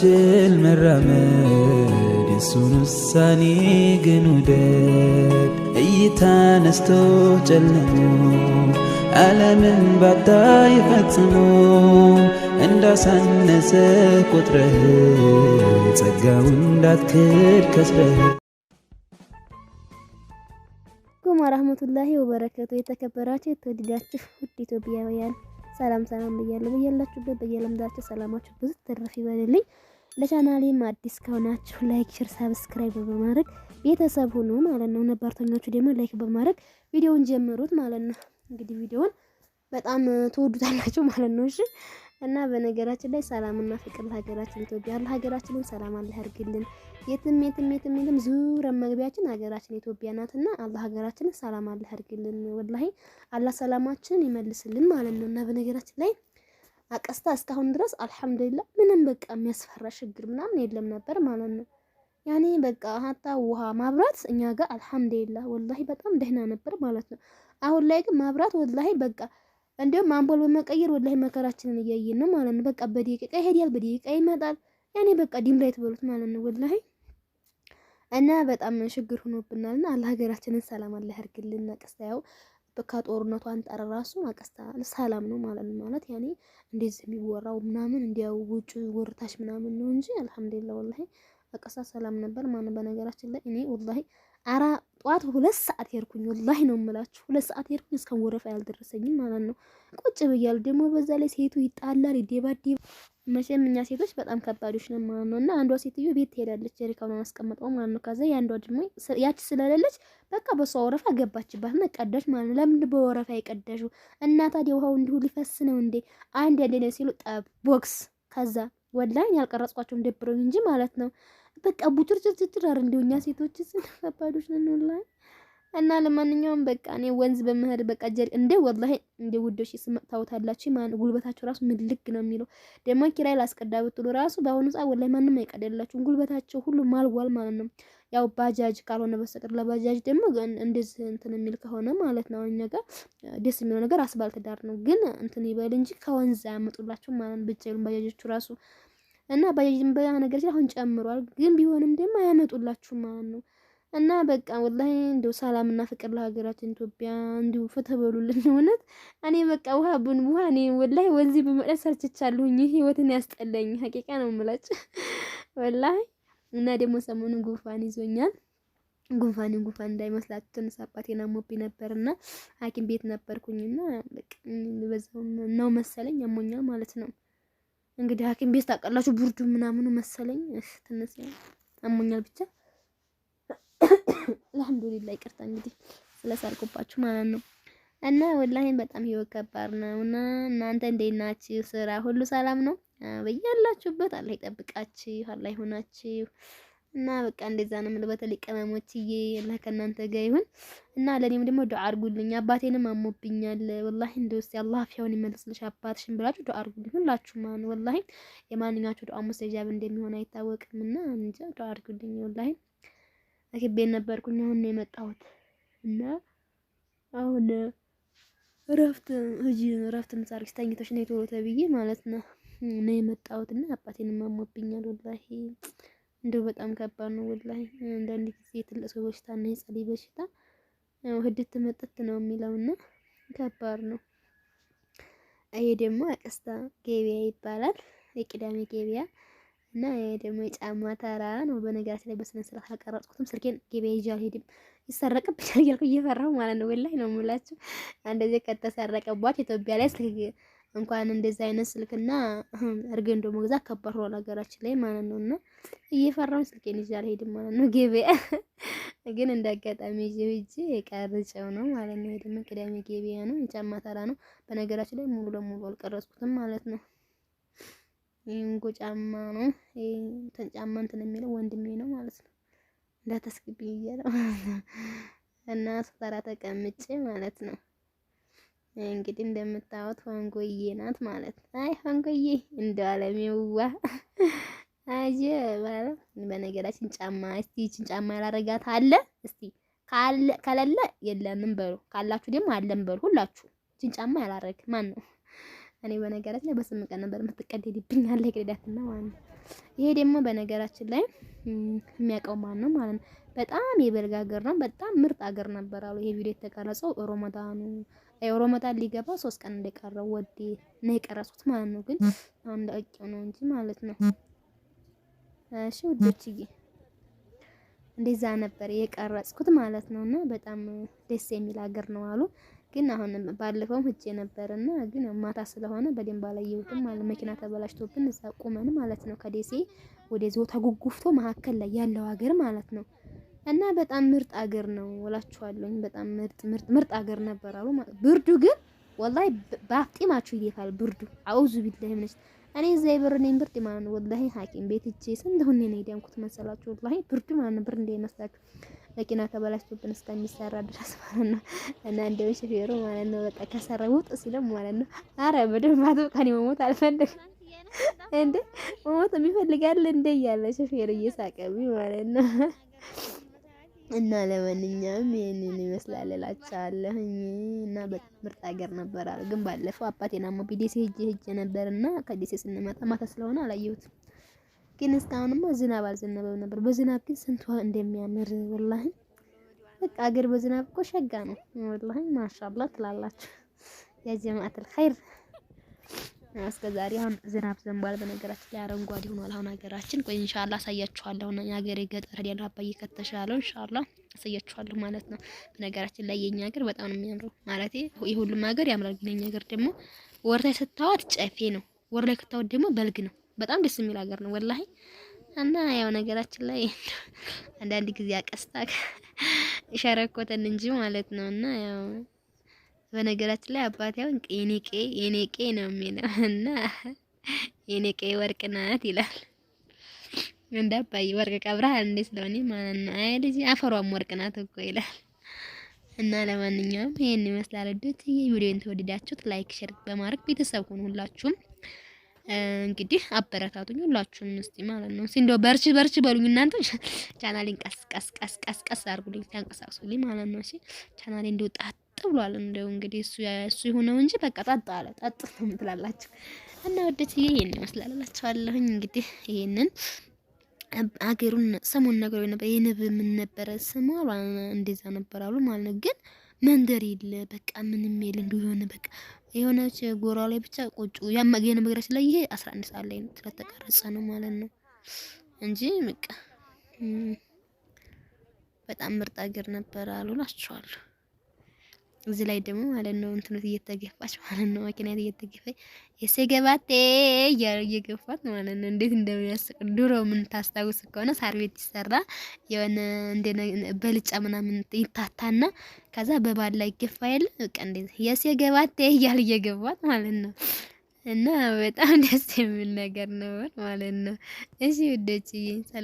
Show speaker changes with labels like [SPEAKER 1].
[SPEAKER 1] ችል መራመድ የሱን ውሳኔ ግን ውደድ እይታ ነስቶ ጨልሞ ዓለምን ባታ ይፈጽሞ እንዳሳነሰ ቁጥረህ ጸጋው እንዳትክድ ከስረህ
[SPEAKER 2] ኩም ወረህመቱላሂ ወበረከቱ የተከበራችሁ የተወደዳችሁ ውድ ኢትዮጵያውያን ሰላም ሰላም ብያለሁ። በያላችሁበት በየለምዳችሁ ሰላማችሁ ብዙ ትርፍ ይበልልኝ። ለቻናሌም አዲስ ከሆናችሁ ላይክ፣ ሼር፣ ሰብስክራይብ በማድረግ ቤተሰብ ሁኑ ማለት ነው። ነባርተኞቹ ደግሞ ላይክ በማድረግ ቪዲዮውን ጀምሩት ማለት ነው። እንግዲህ ቪዲዮውን በጣም ትወዱታላችሁ ማለት ነው። እሺ እና በነገራችን ላይ ሰላምና ፍቅር ለሀገራችን ኢትዮጵያ አለ። ሀገራችንን ሰላም አለ ያርግልን። የትም የትም የትም የትም ዙረ መግቢያችን ሀገራችን ኢትዮጵያ ናትና አላህ ሀገራችንን ሰላም አለ ያርግልን። ወላሂ አላህ ሰላማችንን ይመልስልን ማለት ነው። እና በነገራችን ላይ አቀስታ እስካሁን ድረስ አልሐምዱሊላህ ምንም በቃ የሚያስፈራ ችግር ምናምን የለም ነበር ማለት ነው። ያኔ በቃ ሀታ ውሃ ማብራት እኛ ጋር አልሐምዱሊላህ ወላሂ በጣም ደህና ነበር ማለት ነው። አሁን ላይ ግን ማብራት ወላሂ በቃ እንዲሁም አምፖል በመቀየር ወላሂ መከራችንን እያየን ነው ማለት ነው። በቃ በደቂቃ ይሄዳል፣ በደቂቃ ይመጣል። ያኔ በቃ ዲም ላይ ትበሉት ማለት ነው ወላሂ እና በጣም ችግር ሆኖብናል። እና አላህ ሀገራችንን ሰላም አለ ያርግልን። ነቀስታ ያው ጦርነቱ አንጻር ራሱ ነቀስታ ሰላም ነው ማለት ነው። ማለት ያኔ እንደዚህ የሚወራው ምናምን እንዲያው ውጭ ወርታሽ ምናምን ነው እንጂ አልሐምዱሊላህ ወላሂ ነቀስታ ሰላም ነበር። ማን በነገራችን ላይ እኔ ወላሂ አራ ጠዋት ሁለት ሰዓት ሄድኩኝ። ወላሂ ነው የምላችሁ፣ ሁለት ሰዓት ሄድኩኝ። እስካሁን ወረፋ ያልደረሰኝም ማለት ነው። ቁጭ ብያለሁ። ደግሞ በዛ ላይ ሴቱ ይጣላል፣ ይደባደብ። መቼም እኛ ሴቶች በጣም ከባዶች ነው ማለት ነው። እና አንዷ ሴትዮ ቤት ትሄዳለች፣ ጀሪካውን አስቀምጠው ማለት ነው። ከዛ የአንዷ ደግሞ ያቺ ስለሌለች በቃ በሷ ወረፋ ገባችባት እና ቀዳች ማለት ነው። ለምንድን በወረፋ የቀዳሽው? እና ታዲያ ውሃው እንዲሁ ሊፈስ ነው እንዴ? አንድ ያንዴ ሲሉ ጠብ ቦክስ። ከዛ ወላኝ ያልቀረጽኳቸውም ደብረኝ እንጂ ማለት ነው በቃ ቡትርትርትር አር እንደው እኛ ሴቶች ስንከባዶች ነን ወላሂ። እና ለማንኛውም በቃ እኔ ወንዝ በመሄድ በቃ ጀሪ እንደ ወላሂ እንደ ውዶች ታውታላችሁ፣ ማን ጉልበታችሁ ራሱ ምልግ ነው የሚለው። ደግሞ ኪራይ ላስቀዳ ብትሉ ራሱ በአሁኑ ሰዓት ወላሂ ማንም አይቀደላችሁም። ጉልበታቸው ሁሉ ማልዋል ማለት ነው። ያው ባጃጅ ካልሆነ በስተቀር ለባጃጅ ደግሞ እንደዚህ እንትን የሚል ከሆነ ማለት ነው እኛ ጋር ደስ የሚለው ነገር አስባልት ዳር ነው። ግን እንትን ይበል እንጂ ከወንዝ አያመጡላችሁ ማለት ብቻ ባጃጆቹ ራሱ እና ባጃጅም ነገር ሲል አሁን ጨምሯል፣ ግን ቢሆንም ደግሞ አያመጡላችሁም ማለት ነው። እና በቃ ወላሂ እንደው ሰላምና ፍቅር ለሀገራችን ኢትዮጵያ እንዲሁ ፈተበሉልን። በሉልን። እውነት እኔ በቃ ውሃ ቡን ውሃ እኔ ወላሂ ወንዚ በመቅደስ ሰርችቻለሁኝ። ይህ ህይወትን ያስጠለኝ ሀቂቃ ነው ምላጭ ወላሂ። እና ደግሞ ሰሞኑ ጉንፋን ይዞኛል። ጉንፋን ጉንፋን እንዳይመስላችሁ ትንሽ አባቴን ነበር ነበርና ሐኪም ቤት ነበርኩኝና በቃ በዛው ነው መሰለኝ አሞኛል ማለት ነው። እንግዲህ ሐኪም ቤት ታውቃላችሁ፣ ቡርዱ ምናምኑ መሰለኝ ትነሳ አሞኛል። ብቻ አልሐምዱሊላህ ይቅርታ እንግዲህ ስለሳልኩባችሁ ማለት ነው። እና ወላሂም በጣም ህይወት ከባድ ነው። እና እናንተ እንዴት ናችሁ? ስራ ሁሉ ሰላም ነው? በያላችሁበት አላህ ይጠብቃችሁ፣ አላህ ይሆናችሁ። እና በቃ እንደዛ ነው የምለው። በተለይ ቅመሞችዬ አላህ ከእናንተ ጋር ይሁን እና ለእኔም ደግሞ ዱዓ አድርጉልኝ። አባቴንም አሞብኛል ወላሂ። እንደው እስኪ አላህ አፍያውን ይመልስልሽ አባትሽን ብላችሁ ዱዓ አድርጉልኝ ሁላችሁ። ማን ወላሂ የማንኛቸው ዱዓ ሙስተጃብ እንደሚሆን አይታወቅም እና እንጃ ዱዓ አድርጉልኝ። ወላሂ አክቤ ነበርኩኝ አሁን ነው የመጣሁት እና አሁን እረፍት እጂ እረፍት ምሳር ተኝተሽ ነው ተብዬ ማለት ነው ነው የመጣሁት እና አባቴንም አሞብኛል ወላሂ እንደው በጣም ከባድ ነው ወላሂ። አንዳንድ ጊዜ ትልቅ ሰው በሽታ እና የጸለይ በሽታ ያው ህድት መጠት ነው የሚለውና ከባድ ነው። ይሄ ደግሞ አቀስታ ገበያ ይባላል፣ የቅዳሜ ገበያ እና ይሄ ደግሞ የጫማ ተራ ነው። በነገራችን ላይ በስነ ስርዓት አልቀረጽኩትም። ስልኬን ገበያ ይዤ አልሄድም፣ ይሰረቅብኛል እያልኩ እየፈራሁ ማለት ነው። ወላሂ ነው የምላችሁ። አንደዚህ ከተሰረቀባት ኢትዮጵያ ላይ ስልክ እንኳን እንደዚህ አይነት ስልክና እርገንዶ መግዛት ከባድ ሆነ ነገራችን ላይ ማለት ነው። እና እየፈራሁኝ ስልኬን ይዤ አልሄድም ማለት ነው። ገበያ ግን እንዳጋጣሚ ይዤ ሂጄ ቀርጬው ነው ማለት ነው። ሄድም ቅዳሜ ገበያ ነው፣ የጫማ ተራ ነው። በነገራችን ላይ ሙሉ ለሙሉ አልቀረጽኩትም ማለት ነው። ይንጎ ጫማ ነው ጫማ እንትን የሚለው ወንድሜ ነው ማለት ነው። እንዳታስገቢ እያለው እና ስጠራ ተቀምጬ ማለት ነው እንግዲህ እንደምታዩት ሆንጎዬ ናት ማለት ነው። አይ ሆንጎዬ እንደ ይውዋ አጂ ባለ በነገራችን ጫማ እስቲ እቺን ጫማ ያላረጋት አለ እስቲ ካለ ከሌለ የለንም በሉ ካላችሁ ደግሞ አለም በሉ ሁላችሁ እቺን ጫማ ያላረግ ማን ነው? እኔ በነገራችን ላይ በስምንት ቀን ነበር የምትቀደድብኝ አለ ነው ማለት ነው። ይሄ ደግሞ በነገራችን ላይ የሚያውቀው ማን ነው ማለት ነው። በጣም የበልግ ሀገር ነው። በጣም ምርጥ ሀገር ነበር አሉ። ይሄ ቪዲዮ የተቀረጸው ሮማዳኑ ሮመዳን ሊገባ ሶስት ቀን እንደቀረው ወዴ ነው የቀረጽኩት ማለት ነው። ግን አንድ አቂው ነው እንጂ ማለት ነው። እሺ ውዶችዬ እንደዛ ነበር የቀረጽኩት ማለት ነው። እና በጣም ደስ የሚል ሀገር ነው አሉ። ግን አሁን ባለፈውም ሂጄ ነበርና ግን ማታ ስለሆነ በደንብ አላየሁትም ማለት መኪና ተበላሽቶብን እዛ ቁመን ማለት ነው። ከደሴ ወደ ዞታ ጉጉፍቶ መካከል ላይ ያለው ሀገር ማለት ነው። እና በጣም ምርጥ አገር ነው እላችኋለሁኝ። በጣም ምርጥ ምርጥ ምርጥ አገር ነበር አሉ። ብርዱ ግን ወላሂ ባፍጢማችሁ ይደፋል። ብርዱ አውዙ ቢላሂ ምንስ እኔ እዛ ብር ነኝ ብርድ ማለት ነው። ወላሂ ሐኪም ቤት እጄ ስንት ሁኔ ነው የዳንኩት መሰላችሁ? ወላሂ ብርዱ ማለት ነው። ብርድ እንዳይመስላችሁ መኪና ተበላሽቶብን እስከሚሰራ ድረስ ማለት ነው። እና እንደው ሹፌሩ ማለት ነው በቃ ከሰራ ውጥ ሲለም ማለት ነው። አረ በደም ማቶ መሞት አልፈልግም እንዴ መሞት የሚፈልጋል እንደ እያለ ሹፌሩ እየሳቀብኝ ማለት ነው። እና ለማንኛውም ይሄንን ይመስላል እላችኋለሁኝ። እና በጣም ምርጥ ሀገር ነበር አለ። ግን ባለፈው አባቴና ሞ ቢዴሴ ሄጄ ሄጄ ነበርና ከዴሴ ስንመጣ ማታ ስለሆነ አላየሁት። ግን እስካሁንማ ዝናብ አልዘነበብ ነበር። በዝናብ ግን ስንት እንደሚያምር ወላሂ። በቃ ሀገር በዝናብ እኮ ሸጋ ነው ወላሂ። ማሻአላህ ትላላችሁ ያ ጀማዓተል ኸይር እስከ ዛሬ አሁን ዝናብ ዘንቧል። በነገራችን ላይ አረንጓዴ ሆኗል አሁን ሀገራችን። ቆይ ኢንሻአላ አሳያችኋለሁ ነው የሀገሬ ገጠር ያለው አባዬ ከተሻለው ኢንሻአላ አሳያችኋለሁ ማለት ነው። በነገራችን ላይ የኛ ሀገር በጣም ነው የሚያምረው ማለት የሁሉም ሀገር ያምራል፣ ግን የኛ ሀገር ደግሞ ወር ላይ ስታዋት ጨፌ ነው፣ ወር ላይ ከታወት ደግሞ በልግ ነው። በጣም ደስ የሚል ሀገር ነው ወላሂ። እና ያው ነገራችን ላይ አንዳንድ ጊዜ አቀስታ ሸረኮተን እንጂ ማለት ነው እና ያው በነገራችን ላይ አባቴ አሁን ቄኔቄ የኔቄ ነው የሚለው እና የኔቄ ወርቅ ናት ይላል። እንደ አባዬ ወርቅ ቀብረሃል እንዴ ስለሆነ ማለት ነው። አይ ልጅ አፈሯም ወርቅ ናት እኮ ይላል። እና ለማንኛውም ይሄን ይመስላል። እድት የቪዲዮን ተወደዳችሁት ላይክ፣ ሼር በማድረግ ቤተሰብ ሆኑ። ሁላችሁም እንግዲህ አበረታቱኝ ሁላችሁም እስቲ ማለት ነው። እንደው በርች በርች በሉኝ እናንተ ቻናሌን ቀስ ቀስ ቀስ ቀስ ቀስ አድርጉልኝ፣ ተንቀሳቅሱልኝ ማለት ነው። እሺ ቻናሌ እንዲወጣ ብሏል። እንደው እንግዲህ እሱ እሱ የሆነው እንጂ በቃ ጠጣ አለ ጠጥ ነው ምትላላችሁ እና ወደች ይሄን ይመስላላችኋለሁኝ። እንግዲህ ይሄንን አገሩን ሰሞን ነገር ነበር የንብ ምን ነበረ ስሟ እንደዛ ነበር አሉ ማለት ነው። ግን መንደር የለ በቃ ምንም የለ እንዲሁ የሆነ በቃ የሆነች ጎራ ላይ ብቻ ቆጩ ያማገነ መግራችን ላይ ይሄ 11 ሰዓት ላይ ስለተቀረጸ ነው ማለት ነው እንጂ በቃ በጣም ምርጥ አገር ነበር አሉ ላችኋለሁ። እዚህ ላይ ደግሞ ማለት ነው እንትኖት እየተገፋች ማለት ነው መኪናት እየተገፋች የሰገባቴ እየገፋት ማለት ነው። እንዴት እንደሚያስቅ ድሮ ምን ታስታውስ ከሆነ ሳር ቤት ይሰራ የሆነ እንደ በልጫ ምናምን ይታታና ከዛ በባል ላይ ይገፋ የለ በቃ እንዴት የሰገባቴ እያል እየገፋት ማለት ነው። እና በጣም ደስ የሚል ነገር ነው ማለት ነው። እሺ ውዶችዬ ሰላም